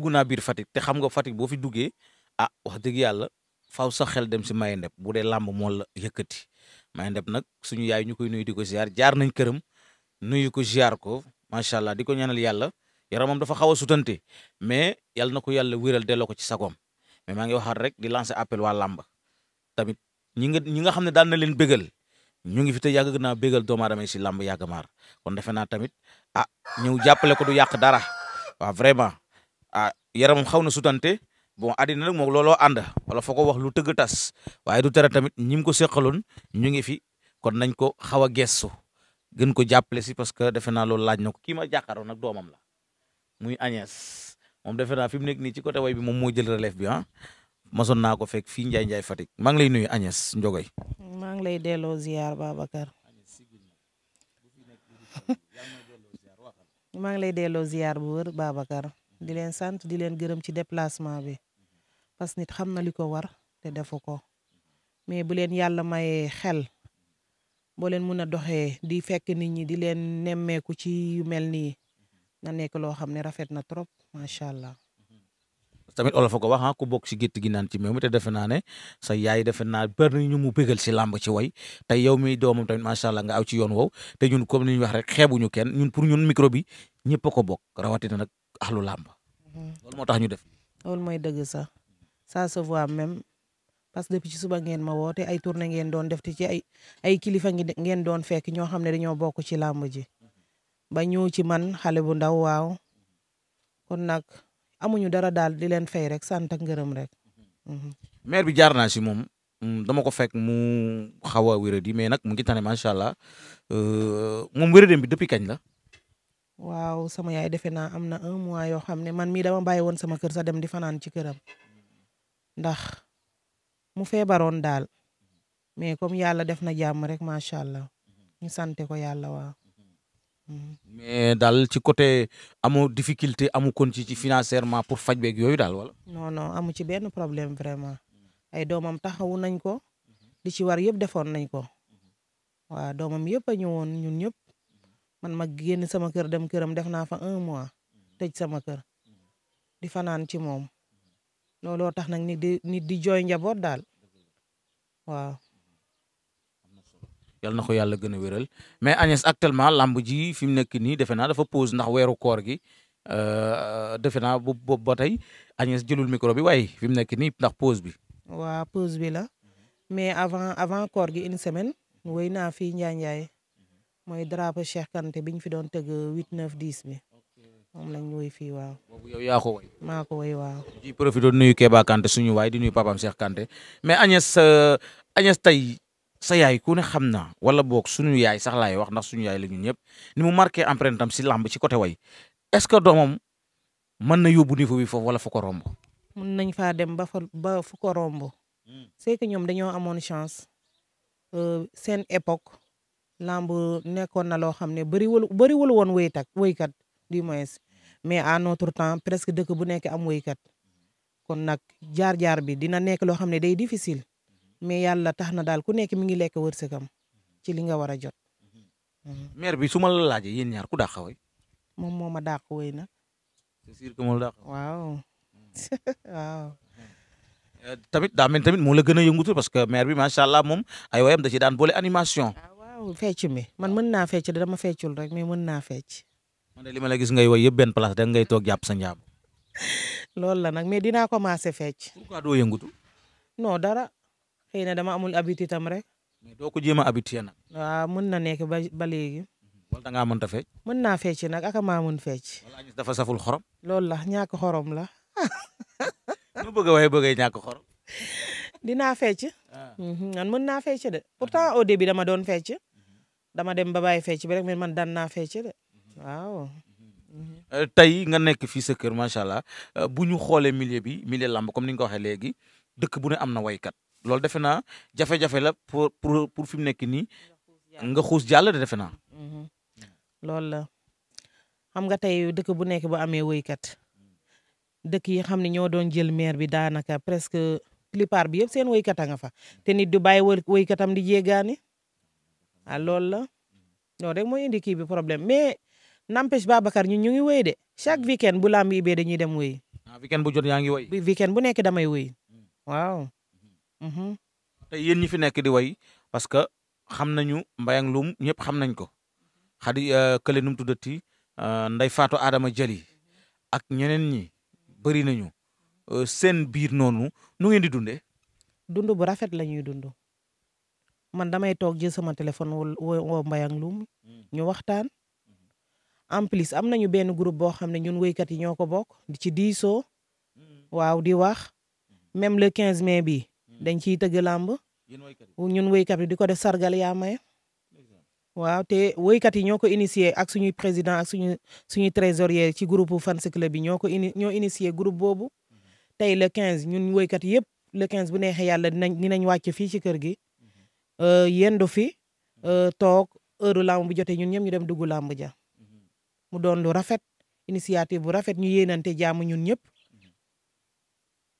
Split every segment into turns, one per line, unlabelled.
dugg naa biir Fatick te xam nga Fatick boo fi duggee ah wax dëgg yàlla faaw sax xel dem si maye ndeb bu dee làmb moo la yëkkati maye ndeb nag ñu yaay ñu koy nu di ko ziar jaar nañ këram nuyu ko ziar ko macha allah di ko ñaanal yàlla yaramam dafa xaw a sutante mais yàlla na ko yàlla wéral delloo ko ci sagoom mais maa ngi waxaat rek di lancer appel waa làmb tamit ñi nga ñi nga xam ne daan na leen bégal ñu ngi fi te yàgg naa bégal doomu aadama si làmb yàgg maar kon defe a ah, yaramam xaw na sutante bon àddina nag moom looloo ànd wala foo ko wax lu tëgg tas waaye du tere tamit ñi ko seqaloon ñu ngi fi kon nañ ko xaw a gestu gën ko jàppale si parce que defe naa loolu laaj na ko kii ma jàkkaaroon nag doomam la muy Agnès moom defe naa fi mu nekk nii ci côté way bi moom mooy jël relève bi ah masoon naa ko fek fii Ndiaye Ndiaye Fatick maa ngi lay nuyu Agnès Ndiogoy.
maa ngi lay delloo ziar Babacar. di leen sant di leen gërëm ci déplacement bi parce que nit xam na li ko war te defu ko mais bu leen yàlla mayee xel boo leen mun a doxee di fekk nit ñi di leen nemmeeku ci yu mel nii na nekk loo xam ne rafet na trop macha allah.
tamit olof ko wax ah, ko bokk si gétt gi naan ci meew mi te defe naa ne sa yaay defe naa bari na ñu mu bégal si làmb ci way te yow mi doomam tamit macha allah nga aw ci yoon wow te ñun comme ni ñu wax rek xeebuñu kenn ñun pour ñun micro bi ñëpp ko bokk rawatina nag axlu làmb mhm. loolu moo tax ñu def
loolu mooy dëgg sax ça se voit même parce que depuis ci suba ngeen ma woote ay tournée ngeen doon def te ci ay ay kilifa ngeen doon fekk ñoo xam ne dañoo bokk ci làmb ji ba ñëw ci man xale bu ndaw waaw kon nag amuñu dara daal di leen fay rek sant ak ngërëm rek. Mhm. Mhm.
maire bi jaar naa si moom mm, dama ko fekk mu xaw a wéradi mais nag mu ngi tane macha allah euh, moom wéradem bi depuis kañ la.
waaw sama yaay defe naa am na un mois yoo xam ne man mii dama bàyyi woon sama kër sa dem di fanaan ci këram ndax mu feebaroon daal mais comme yàlla def na jàmm rek macha allah ñu sante ko yàlla waa mhm.
mais daal ci côté amoo difficulté amu kon ci ci financièrement pour faj beeg yooyu daal wala.
non non amu ci benn problème vraiment ay doomam taxawu nañ ko. di mhm. ci war yëpp defoon nañ ko. Mhm. waa doomam yëpp a woon ñun ñëpp man ma génn sama kër dem këram def naa fa un mois mm-hmm. tëj sama kër mm-hmm. di fanaan ci moom mm-hmm. looloo tax nag nit di nit di jooy njaboot daal waaw.
yàlla na ko yàlla gën a wéral mais Agnès actuellement lamb ji fi mu nekk nii defe naa dafa pause ndax weeru koor gi euh, defe naa bu boobu ba tey Agnès jëlul micro bi waaye fi mu nekk nii ndax pause bi.
waaw pause bi mais avant koor gi une semaine wéy naa fii Njaay Njaay mooy drapeau Cheikh Kanté bi ñu fi doon tëgg 8 9 10 bi moom lañ woy fii waaw. boobu yow yaa ko woy. maa ko woy waaw. di profité
nuyu Kéba Kanté suñu waay di nuyu papaam Cheikh Kanté mais Agnès euh, Agnès tey sa yaay ku ne xam naa wala boog suñu yaay sax laay wax ndax suñu yaay la ñun ñëpp ni mu marqué empreinte am si làmb ci côté way est ce que doomam mën na yóbbu niveau bi foofu wala fu ko romb.
mën nañ faa dem ba fa ba fu ko romb. Hmm. c'est que ñoom dañoo amoon chance. Euh, seen époque lamb nekkoon na loo xam ne bëriwul bëriwul woon wéykat wéykat du moins mais à notre temps presque dëkk bu nekk am woykat kon nag jaar-jaar bi dina nekk loo xam ne day difficile mais yàlla tax na daal ku nekk mi ngi lekk wërsëgam ci li nga war a jot. Mhm.
maire bi suma la laajee yéen ñaar ku dàq way
moom moo ma dàq way nag. c'est sûr que euh,
tamit daa tamit moo gën a yëngutu parce que maire bi macha allah moom ay wayam da ci daan boole animation. Ah,
waaw fecc mi man mën naa fecc dama
li ma la gis ngay woy yëpp benn place da ngay toog jàpp
loolu la nag mais dinaa commencé fecc. pourquoi doo yëngatu. non dara xëy na dama amul habitude am rek.
mais doo ko jéem a habitué nag.
waaw na nekk ba ba léegi. Mhm.
wala da ngaa mënta fecc.
mën naa fecc nag ak maa mën fecc. wala
ñu dafa saful xorom.
loolu la ñàkk xorom la. nu
bëgg a waaye bëggee ñàkk xorom.
dinaa fecc. Ah. Mhm, man mën naa fecc de ah. pourtant au début dama doon fecc. dama dem ba bàyyi fecc bi rek mais man daan naa fecc de waaw.
Euh, nga nekk fii sa kër macha allah euh, bu ñu xoolee milieu bi milieu lamb comme ni nga ko waxee léegi dëkk bu ne am na woykat loolu defe naa jafe-jafe la pour pour pour fi mu nekk nii nga xuus jàll de defe naa.
Mhm. loolu la xam nga tey dëkk bu nekk bu amee woykat dëkk yi xam ne ñoo doon jël maire bi daanaka presque plupart bi yëpp seen woykat a nga fa te nit du bàyyi am di jéggaani ah loolu la loolu rek mooy indi kii bi problème mais n'empêche Babacar ñun ñu ngi wéy de chaque mm. weekend bu lamb be bee dañuy dem wéy.
ah bu jot yaa ngi wéy.
weekend bu nekk damay wéy mm. waaw. Mm-hmm. Mm-hmm.
tey yéen ñi fi nekk di woy parce que xam nañu Mbayang Loum ñëpp xam nañ ko mm-hmm. xadi euh, kële nu mu tuddati euh, Ndeye Fatou Adama Jali ak ñeneen ñi bëri nañu euh, seen biir noonu nu ngeen di dunde
dund bu rafet la ñuy dund man damay toog jël sama téléphone woo woo Mbayang Loum hmm. ñu waxtaan hmm. en plus am nañu benn groupe boo xam ne ñun woykat yi ñoo ko bokk di ci diisoo hmm. waaw di wax même le quinze mai bi dañ ciy tëgg làmb ñun woykat yi di ko def sargal yaa may waaw te woykat yi ñoo ko initié ak suñuy président ak suñu suñuy trésorier ci groupe fans club bi ñoo ko ini ñoo initié groupe boobu tey le quinze ñun woykat yëpp le quinze bu neexee yàlla dinañ dinañ wàcc fii ci kër gi Euh, yendu fi euh, toog heure làmb bu jotee ñun ñëpp ñu dem dugg làmb ja mu doon lu rafet initiative bu rafet ñu yéenante jaamu ñun ñëpp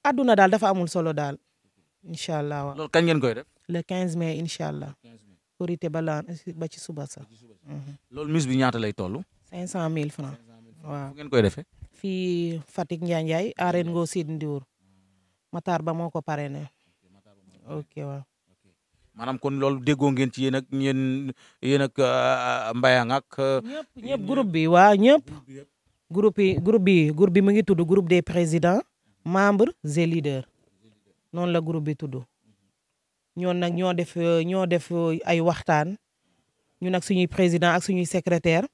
àdduna daal dafa amul solo daal incha allah waaw. loolu kañ ngeen koy def. le 15 mai incha allah. korité ba la ba ci suba sax. Mhm.
loolu mise bi ñaata lay toll.
cinq cent mille fu ngeen koy defee. fii Fatick Ndiaye Ndiaye arène ngoo Sidi Ndiour Matar ba moo ko ok waaw.
maanaam kon loolu déggoo ngeen ci yéen ak yéen yéen ak ah, ah, Mbayang ak. Euh,
ñëpp bi waaw ñëpp. groupe yi groupe bi bi mu ngi tudd groupe des présidents membres et leaders noonu la groupe bi tudd. ñoon nag ñoo def ñoo def ay waxtaan ñun ak suñuy président suñuy secrétaire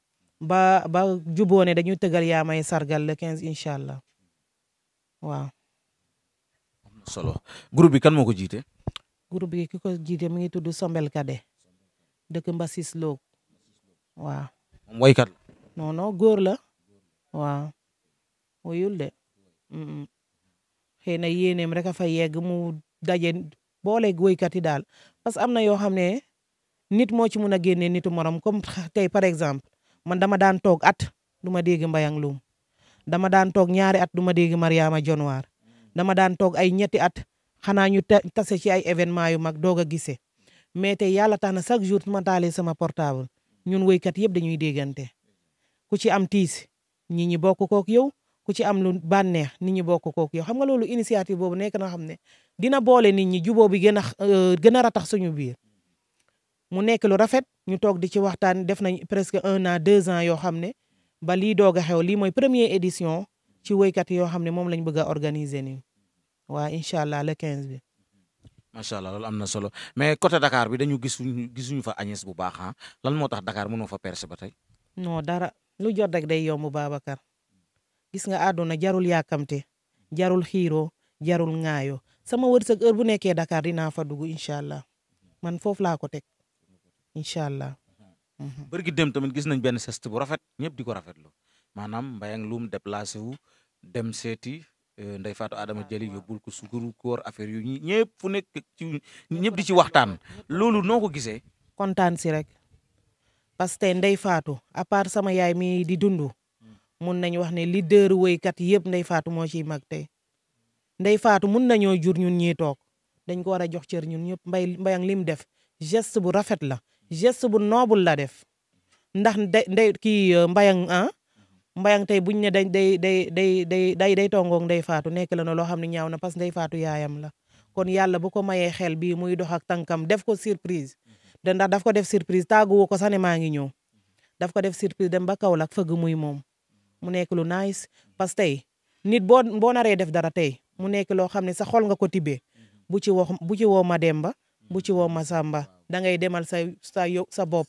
ba ba juboo ne dañuy tëgal may sargal le 15 incha allah waaw.
solo groupe bi kan moo ko jiite.
groupe bi ki ko jiite mi ngi tudd ka Kade dëkk mbasis Lo waaw. moom woykat la. non góor la waaw. woyul de xëy na yéeneem rek a fa yegg mu daje boole woykat yi daal parce que am na yoo xam ne nit moo ci mun a génnee nitu morom comme tey par exemple man dama daan toog at duma ma dégg Mbayang Loum dama daan toog ñaari at du ma dégg Mariama Jonwaar dama daan toog ay ñetti at xanaa ñu tase ci ay événement yu mag doog a gisee mais tey yàlla tax na chaque jour ma taalee sama portable ñun woykat yëpp dañuy déggante ku ci am tiis ñi ñi bokk kook yow ku ci am lu bànneex nit ñi bokk kook yow xam nga loolu initiative boobu nekk na xam ne dina boole nit ñi juboo bi gën a euh, gën a ratax suñu biir mu nekk lu rafet ñu toog di ci waxtaan def nañ presque un an deux ans yoo xam ne ba lii doog a xew lii mooy première édition ci woykat yoo xam ne moom lañ bëgg a organiser nii waaw incha allah le 15 bi.
macha allah loolu am na solo mais côté dakaar bi dañu gisuñu gisuñu fa Agnès bu baax ah lan moo tax dakaar Dakar mënoo fa percer ba tey.
non dara lu jot rek day yomb Babacar gis nga àdduna jarul yàkkamte jarul xiiroo jarul ŋaayoo sama wërsëg heure bu nekkee Dakar dinaa fa dugg incha allah man foofu laa ko teg incha allah. Mhm.
bër gi dem tamit gis nañ benn geste bu rafet ñëpp di ko rafetlu maanaam Mbayang Loum déplacé wu dem seeti. Euh, Ndeye Fatou Adama Jali yóbbul ko sukuru koor affaire yu ñëpp fu nekk ci ñëpp di ci waxtaan loolu noo ko gisee.
kontaan si rek parce que Ndeye Fatou à part sama yaay mi di dundu hmm. mun nañu wax ne leader woykat yëpp Ndeye faatu moo ciy mag tey Ndeye Fatou mun nañoo jur ñun ñii toog dañ ko war a jox cër ñun ñëpp mbay mbayang li mu def geste bu rafet la geste bu noble la def ndax ndey kii euh, mbayang ah mbayang tey buñ ne day day day day day day day tongoog ndey faatu nekk la na loo xam ne ñaaw na parce que ndey faatu yaayam la kon yàlla bu ko mayee xel bii muy dox ak tànkam def ko surprise de ndax daf ko def surprise tàgguwu ko sax ne maa ngi ñëw daf ko def surprise dem ba Kaolack fëgg muy moom mu nekk lu nice parce que tey nit boo boo naree def dara tey mu nekk loo xam ne sa xol nga ko tibbee bu ci wax bu ci woo ma Demba bu ci woo ma Samba da ngay demal sa sa sa bopp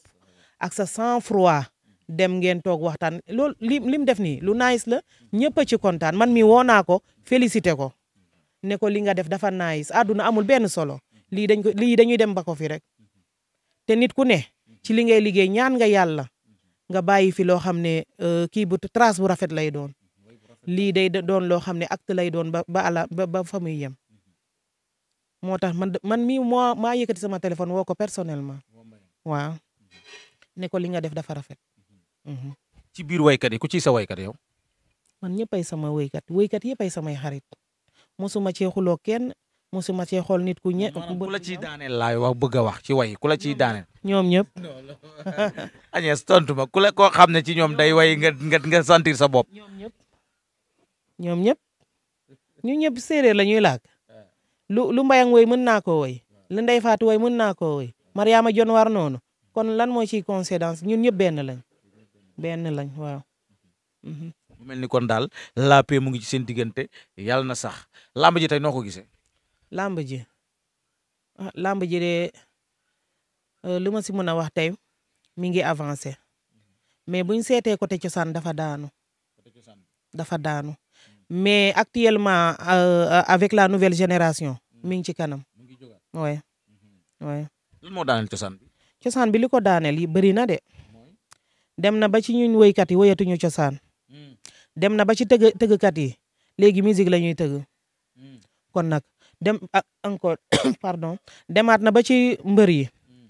ak sa sang froid dem ngeen toog waxtaan loolu lii li mu def nii lu nice la ñëpp a ci kontaan man mi woo naa ko félicité ko ne ko li nga def dafa nice àdduna amul benn solo lii dañ ko lii dañuy dem ba ko fi rek te nit ku ne ci li ngay liggéey ñaan nga yàlla nga bàyyi fi loo xam ne euh, kii bu trace bu rafet lay doon lii day doon loo xam ne acte lay doon ba ba ala ba ba fa yem moo tax man man mii moo maa yëkkati sama téléphone woo ko personnellement waaw ne ko li nga def dafa rafet Mm-hmm.
ci biir waykat yi ku ciy sa woykat yow.
man ñëppay sama waykat waykat yëppay samay xarit mosuma cee xuloo kenn mosuma cee xool nit ku ñe. ku la ciy daaneel
laay wax bëgg a wax ci way ku la ciy daaneel.
ñoom ñëpp.
Agnès tontu ma ku la koo xam ci ñoom day way nga nga nga sentir sa bopp. ñoom ñëpp
ñoom ñëpp ñu ñëpp séeréer la ñuy laag eh. lu lu mbayang way mën naa ko woy eh. lu ndey faatu way mën naa koo way eh. Mariama Jon war noonu kon lan moo ciy conséquence ñun ñëpp benn lañ. benn lañ waaw. Mhm.
mu mel ni kon daal la paix mu ngi ci seen diggante yàlla na sax lamba ji tey noo ko gisee.
làmb ji ah làmb ji de euh, lu ma si mën a wax tey mi ngi avancé mais buñ seetee côté cosaan dafa daanu. dafa daanu mais actuellement euh, avec la nouvelle génération mm. mi ngi ci kanam. waaye waaye. Mhm.
lan moo daaneel cosaan
cosaan bi li ko daaneel yi bëri dem na ba ci ñun woykat yi woyatuñu cosaan hmm. dem na ba ci tëgg tëggkat yi léegi musique la ñuy tëgg hmm. kon nag dem ak ah, encore pardon demaat na ba ci mbër yi hmm.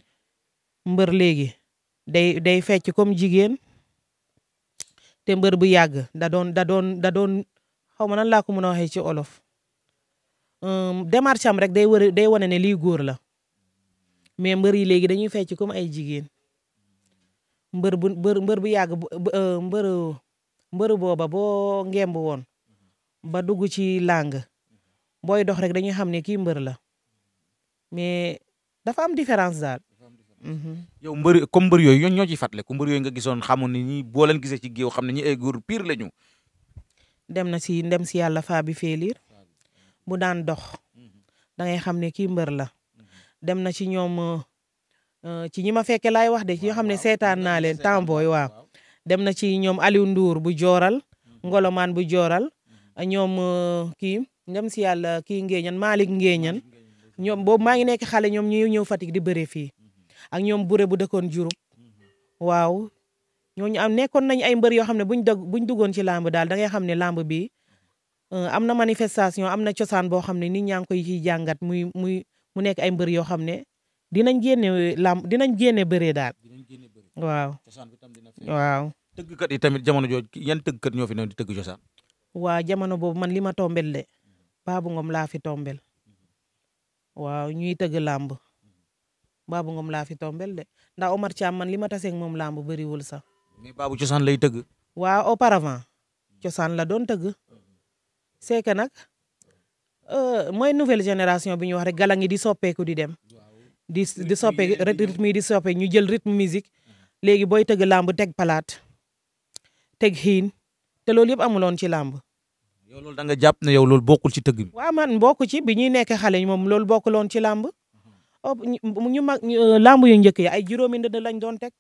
mbër léegi day day fecc comme jigéen te mbër bu yàgg da doon da doon da xaw ma nan laa ko mën a waxee ci olof démarche am rek day wër day wane ne lii góor la mais mbër yi léegi dañuy fecc comme ay jigéen mbër bu mbër bu yàgg mbëru euh, mbëru booba boo ngemb woon mhm. ba dugg ci làng mhm. booy dox rek dañuy xam ne kii mbër la mhm. mais dafa am différence daal. yow mbër
comme yooy yooyu ñoo ci fàttaliku mbër yooyu nga gisoon xamu ni ñi boo leen gisee ci xam ne ñi ay góor pire la ñu.
dem na si ndem si yàlla faa bi féeliir dox da xam ne kii mbër la dem na ci ñoom euh, Euh, ci ñi ma fekke laay wax de yoo xam ne seetaan naa leen Tambooy waaw dem na ci ñoom ali Ndour bu jooral mm-hmm. Ngolomaan bu jooral mm-hmm. ñoom euh, kii ndem si yàlla kii Ngéeñan Malick Ngéeñan ñoom boobu maa ngi nekk xale ñoom ñu ñëw Fatick di bëre fii mm-hmm. ak ñoom Bure bu dëkkoon Diouroup waaw ñooñu am nekkoon nañu ay mbër yoo xam ne buñ dëgg buñ duggoon ci làmb daal da ngay xam ne làmb bi euh, am na manifestation am na cosaan boo xam ne nit ñaa ngi koy ciy jàngat muy muy mu nekk ay mbër yoo xam ne dinañ génne eh, làmb dinañ génne bëree daal. waaw. waaw.
tëggkat yi tamit jamono jooju yan tëggkat ñoo fi ne di tëgg cosaan.
waa jamono boobu man li ma tombel de Babou Ngom laa fi tombel waaw ñuy tëgg làmb Babou Ngom laa fi tombel de ndax Omar Thiam man li ma taseeg moom làmb bëriwul sax.
mais Babou cosaan lay tëgg.
waa auparavant cosaan la doon tëgg c'est que nag euh, mooy nouvelle génération bi ñu wax rek gala ngi di soppeeku di dem. di di soppe rythme di soppe ñu jël rythme musique mm-hmm. léegi booy tëgg làmb teg palaat teg xiin te loolu yëpp amuloon ci làmb.
yow loolu da jàpp ne yow loolu bokkul ci tëgg bi.
waaw man bokku ci bi ñuy nekk xale moom loolu bokkuloon ci làmb. Mm-hmm. ñu mag euh, làmb yu njëkk yi ay juróomi ndënd lañ doon teg.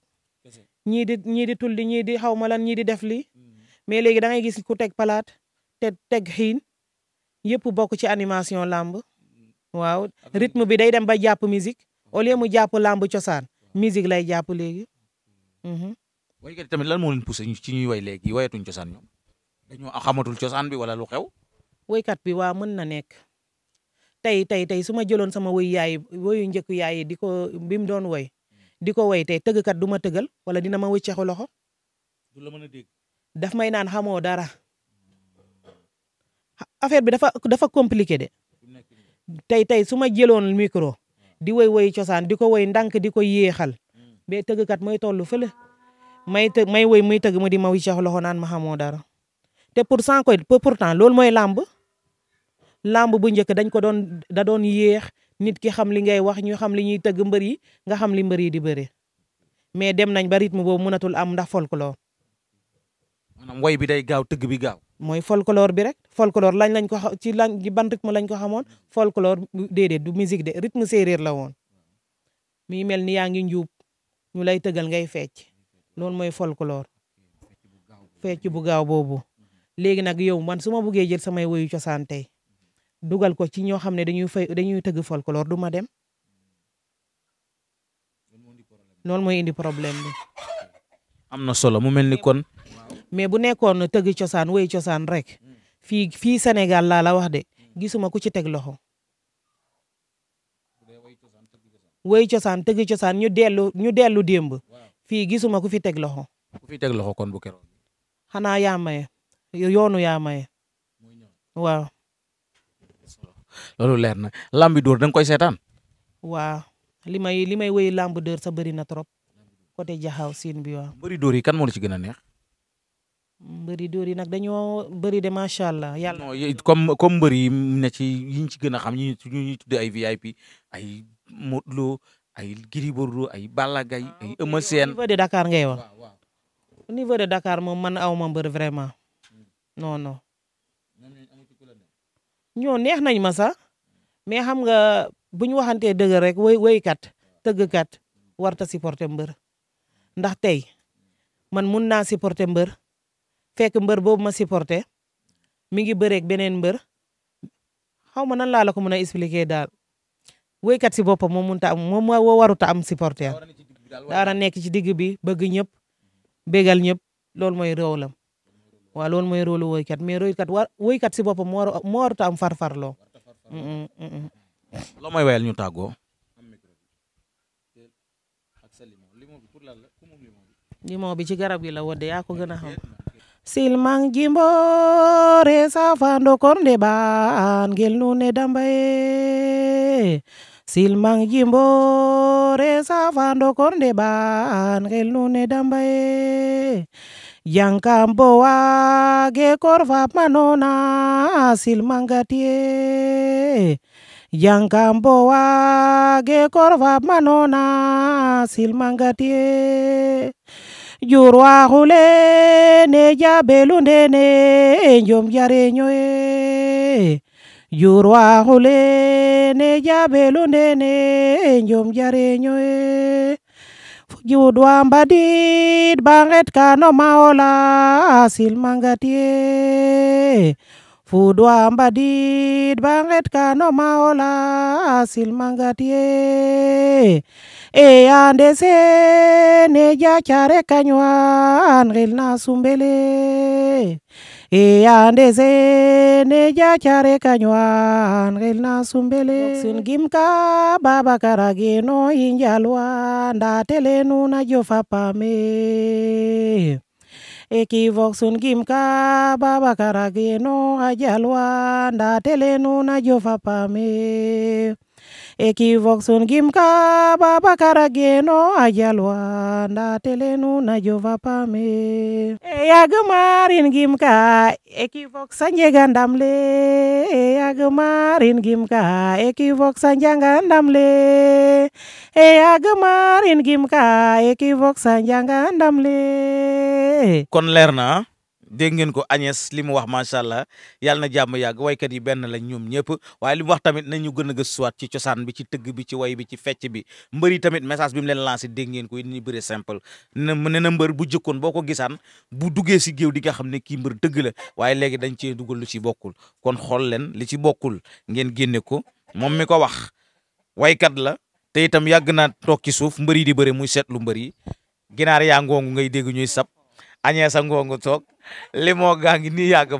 ñii di ñii di tulli ñii di xaw ma lan ñii di def lii. Mm-hmm. mais léegi da ngay gis ku teg palaat te teg xiin yëpp bokk ci animation làmb. waaw rythme bi day dem ba jàpp musique au lieu mu jàpp làmb cosaan musique lay jàpp léegi. Mhm.
waykat yi tamit la moo leen poussé ci ñuy way léegi wayatuñ cosaan ñoom dañoo xamatul cosaan bi wala lu xew.
waykat bi waa mën na nekk tey tey tey su ma jëloon sama woy yaay woyu njëkk yaay di ko bi mu doon woy di ko woy tey tëggkat du ma tëggal wala dina ma wëcceexu loxo. du la mën a dégg. daf may naan xamoo dara affaire bi dafa dafa compliqué de. tey tey su ma jëloon micro. di woy woy cosaan di ko woy ndànk di ko yéexal mais mm. tëggkat mooy toll fële may may woy muy tëgg ma di ma wiccax loxo naan ma xamoo dara te pour cent koy pourtant loolu mooy làmb làmb bu njëkk dañ ko doon da yéex nit ki xam li ngay wax ñu xam li ñuy tëgg mbër yi nga xam li mbër yi di bëre mais dem nañ ba rythme boobu mënatul am ndax folklore.
maanaam woy bi day gaaw tëgg bi gaaw.
mooy folklore bi rek folklore lañ lañ ko ci lañ ci ban rythme lañ ko xamoon folklore déedéet du musique de rythme séeréer la woon mi mel ni yaa ngi njuub ñu lay tëgal ngay fecc loolu mooy folklore fecc bu gaaw boobu léegi nag yow man su ma buggee jël samay woyu cosaan tey dugal ko ci ñoo xam ne dañuy fay dañuy tëgg folklore du ma dem loolu mooy indi problème bi.
am na solo mu mel ni kon
mais bu nekkoon tëgg cosaan wéy cosaan rek fii fii Sénégal laa la wax de gisuma ku ci teg loxo wéy cosaan tëgg cosaan ñu dellu ñu dellu démb fii gisuma ku fi teg loxo.
ku teg loxo kon bu keroog.
xanaa yaa maye yoonu yaa maye waaw.
loolu leer na lambi dóor da koy seetaan.
waaw li may li may wéy lamb dóor sa bëri na trop côté jaxaw siin bi waaw.
bëri dóor yi kan moo la ci gën a neex.
mbëri dóor yi nag dañoo bëri de macha allah yàlla.
non comme comme mbër yi ne ci yi ñu ci gën a xam ñu ñu tuddee ay VIP ay Modou ay Gris Bordeaux ay Balla ah, ay Eumeu Sène. niveau de Dakar ngay wax
au niveau de Dakar moom man aw ma mbër vraiment hmm. non non. ñoo neex nañ ma sax mais xam nga bu ñu waxantee dëgg rek woy woykat tëggkat warta supporter mbër ndax tey man mun naa supporter mbër. fekk mbër boobu ma supporté mi ngi bëreeg beneen mbër xaw ma nan laa la ko mën a expliquer daal woykat si boppa moo munta am mo moo warut am supporter daa war a nekk ci digg bi bëgg ñëpp bégal ñëpp loolu mooy rôlam waaw lool mooy rôlu woykat mais roykat woykat si boppam moo moo warut a am farfarloo loo may wayal ñu tàggoo limon bi ci garab gi la wodde yaa ko gën a xam silman jimboore safando kornde ɓaan ngel nune dambaye silman jimboore safando kornde ɓaan ngel nune dambaye jankam bowage korfa manona silmangatiye jankam bowage korfa manona silmangatiye yurwaxule ne jabelunde ne njom jareñoye yurwaxule ne jabelunde ne njom jareñoye juudwa mbadit banget kano maola silmangatie Fudwa mbadid banget kano maola asil mangatie. E andese ne jachare kanywan gil na sumbele. E andese ne jachare kanywan gil na sumbele. Sin gimka baba karageno injalwa ndatele nuna jofa pame. ekivoksun kimka babakarageno ajalwa ndateleenu najofa pame ekivoksun kimka babakarageno ajalwa ndateleenu najofa pame eyagmarin gimka ekivoksa njega ndamle eyagmarin gimka ekivoksa njanga ndamle eyagmarin gimka ekivoksa njanga ndamle
kon leer na dégg ngeen ko Agnès li mu wax macha allah yàlla na jàmm yàgg waykat yi benn la ñoom ñëpp waaye li wax tamit nañu gën a gëstuwaat ci cosaan bi ci tëgg bi ci way bi ci fecc bi mbër yi tamit message bi mu leen lancé dégg ngeen ko ni bëre simple na ne na mbër bu jëkkoon boo ko gisaan bu duggee si géew di nga xam ne kii mbër dëgg la waaye léegi dañ cee dugal lu ci bokkul kon xool leen li ci bokkul ngeen génne ko moom mi ko wax waykat la te itam yàgg naa toog suuf mbër yi di bëre muy seetlu mbër yi ginaar añee sa ngongu toog limo gaa ngi nii yàgg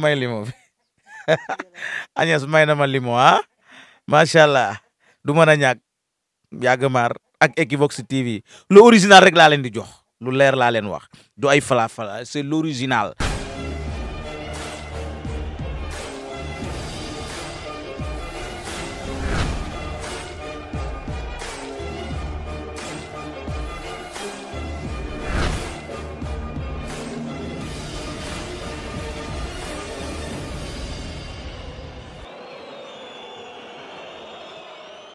may limo bi añees may na ma limo ah macha allah du mën a ñàkk yàgg maar ak Equivox TV lu original rek laa leen di jox lu leer laa leen wax du ay fala fala c'est l'original